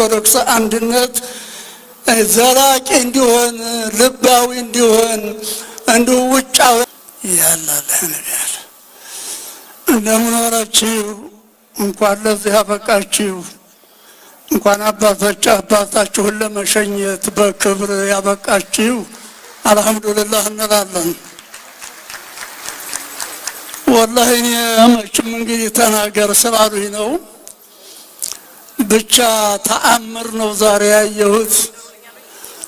የኦርቶዶክስ አንድነት ዘላቂ እንዲሆን ልባዊ እንዲሆን እንዱ ውጫዊ ያላለህ ያለ እንደምኖራችሁ እንኳን ለዚህ ያበቃችሁ። እንኳን አባቶች አባታችሁን ለመሸኘት በክብር ያበቃችሁ። አልሐምዱልላህ እንላለን። ወላሂ እኔ መቼም እንግዲህ ተናገር ስላሉኝ ነው። ብቻ ተአምር ነው ዛሬ ያየሁት።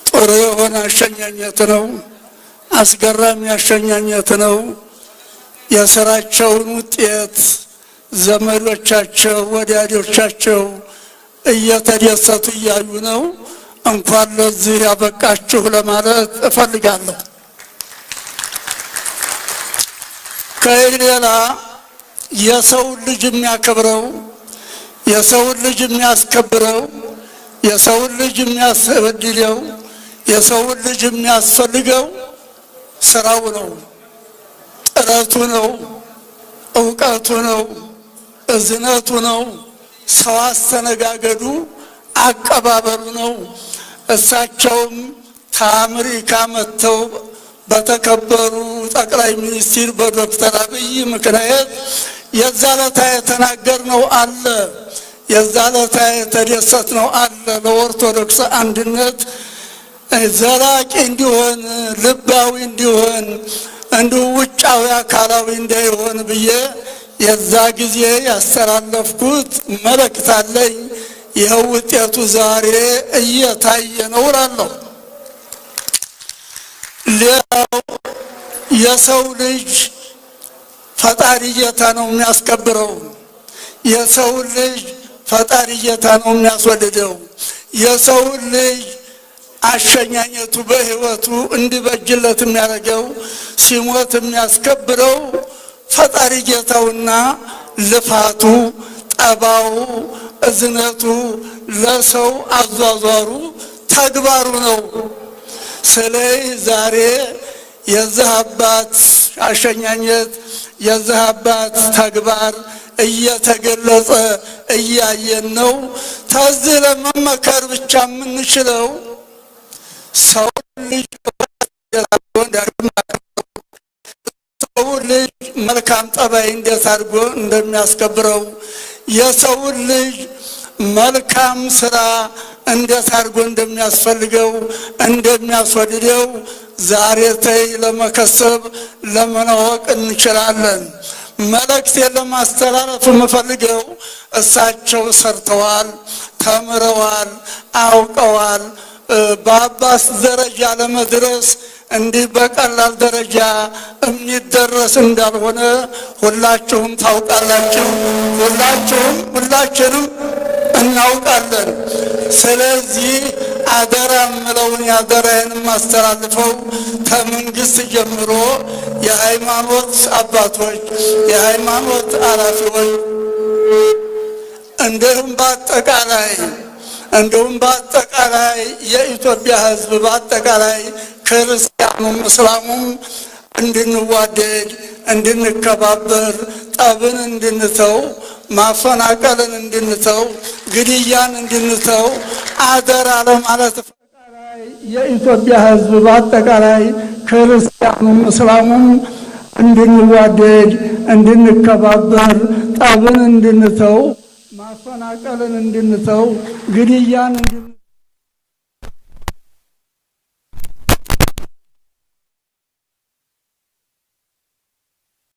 ጥሩ የሆነ አሸኛኘት ነው። አስገራሚ አሸኛኘት ነው። የስራቸውን ውጤት ዘመዶቻቸው፣ ወዳጆቻቸው እየተደሰቱ እያዩ ነው። እንኳን ለዚህ ያበቃችሁ ለማለት እፈልጋለሁ። ከይህ ሌላ የሰውን ልጅ የሚያከብረው የሰውን ልጅ የሚያስከብረው የሰውን ልጅ የሚያስበድለው የሰውን ልጅ የሚያስፈልገው ስራው ነው፣ ጥረቱ ነው፣ እውቀቱ ነው፣ እዝነቱ ነው፣ ሰው አስተነጋገዱ፣ አቀባበሉ ነው። እሳቸውም ከአሜሪካ መጥተው በተከበሩ ጠቅላይ ሚኒስትር በዶክተር አብይ ምክንያት የዛለታ የተናገር ነው አለ የዛን የተደሰት ነው አለ ለኦርቶዶክስ አንድነት ዘላቂ እንዲሆን ልባዊ እንዲሆን እንዲሁ ውጫዊ አካላዊ እንዳይሆን ብዬ የዛ ጊዜ ያስተላለፍኩት መልእክት አለኝ። ይህ ውጤቱ ዛሬ እየታየ ነው እላለሁ። ሌላው የሰው ልጅ ፈጣሪ ጌታ ነው የሚያስከብረው የሰው ልጅ ፈጣሪ ጌታ ነው የሚያስወድደው። የሰውን ልጅ አሸኛኘቱ በህይወቱ እንዲበጅለት የሚያደርገው ሲሞት የሚያስከብረው ፈጣሪ ጌታውና ልፋቱ፣ ጠባው፣ እዝነቱ፣ ለሰው አዟዟሩ፣ ተግባሩ ነው። ስለይ ዛሬ የዚህ አባት አሸኛኘት የዚህ አባት ተግባር እየተገለጸ እያየን ነው። ተዚህ ለመመከር ብቻ የምንችለው ሰው ልጅ ሰው ልጅ መልካም ጠባይ እንዴት አድርጎ እንደሚያስከብረው የሰው ልጅ መልካም ስራ እንዴት አድርጎ እንደሚያስፈልገው እንደሚያስወድደው ዛሬ ተይ ለመከሰብ ለመናወቅ እንችላለን። መልእክቴን ለማስተላለፍ የምፈልገው እሳቸው ሰርተዋል፣ ተምረዋል፣ አውቀዋል። በአባስ ደረጃ ለመድረስ እንዲህ በቀላል ደረጃ የሚደረስ እንዳልሆነ ሁላችሁም ታውቃላችሁ። ሁላችሁም ሁላችንም እናውቃለን። ስለዚህ አደራ ምለውን የአደራዬን ማስተላልፈው ከመንግስት ጀምሮ የሃይማኖት አባቶች፣ የሃይማኖት አላፊዎች እንዲሁም በአጠቃላይ እንዲሁም በአጠቃላይ የኢትዮጵያ ሕዝብ በአጠቃላይ ክርስቲያኑም እስላሙም እንድንዋደድ እንድንከባበር ጠብን እንድንተው ማፈናቀልን እንድንተው፣ ግድያን እንድንተው አደራ ለማለት የኢትዮጵያ ሕዝብ በአጠቃላይ ክርስቲያኑም እስላሙም እንድንዋደድ፣ እንድንከባበር፣ ጠብን እንድንተው፣ ማፈናቀልን እንድንተው፣ ግድያን እንድንተው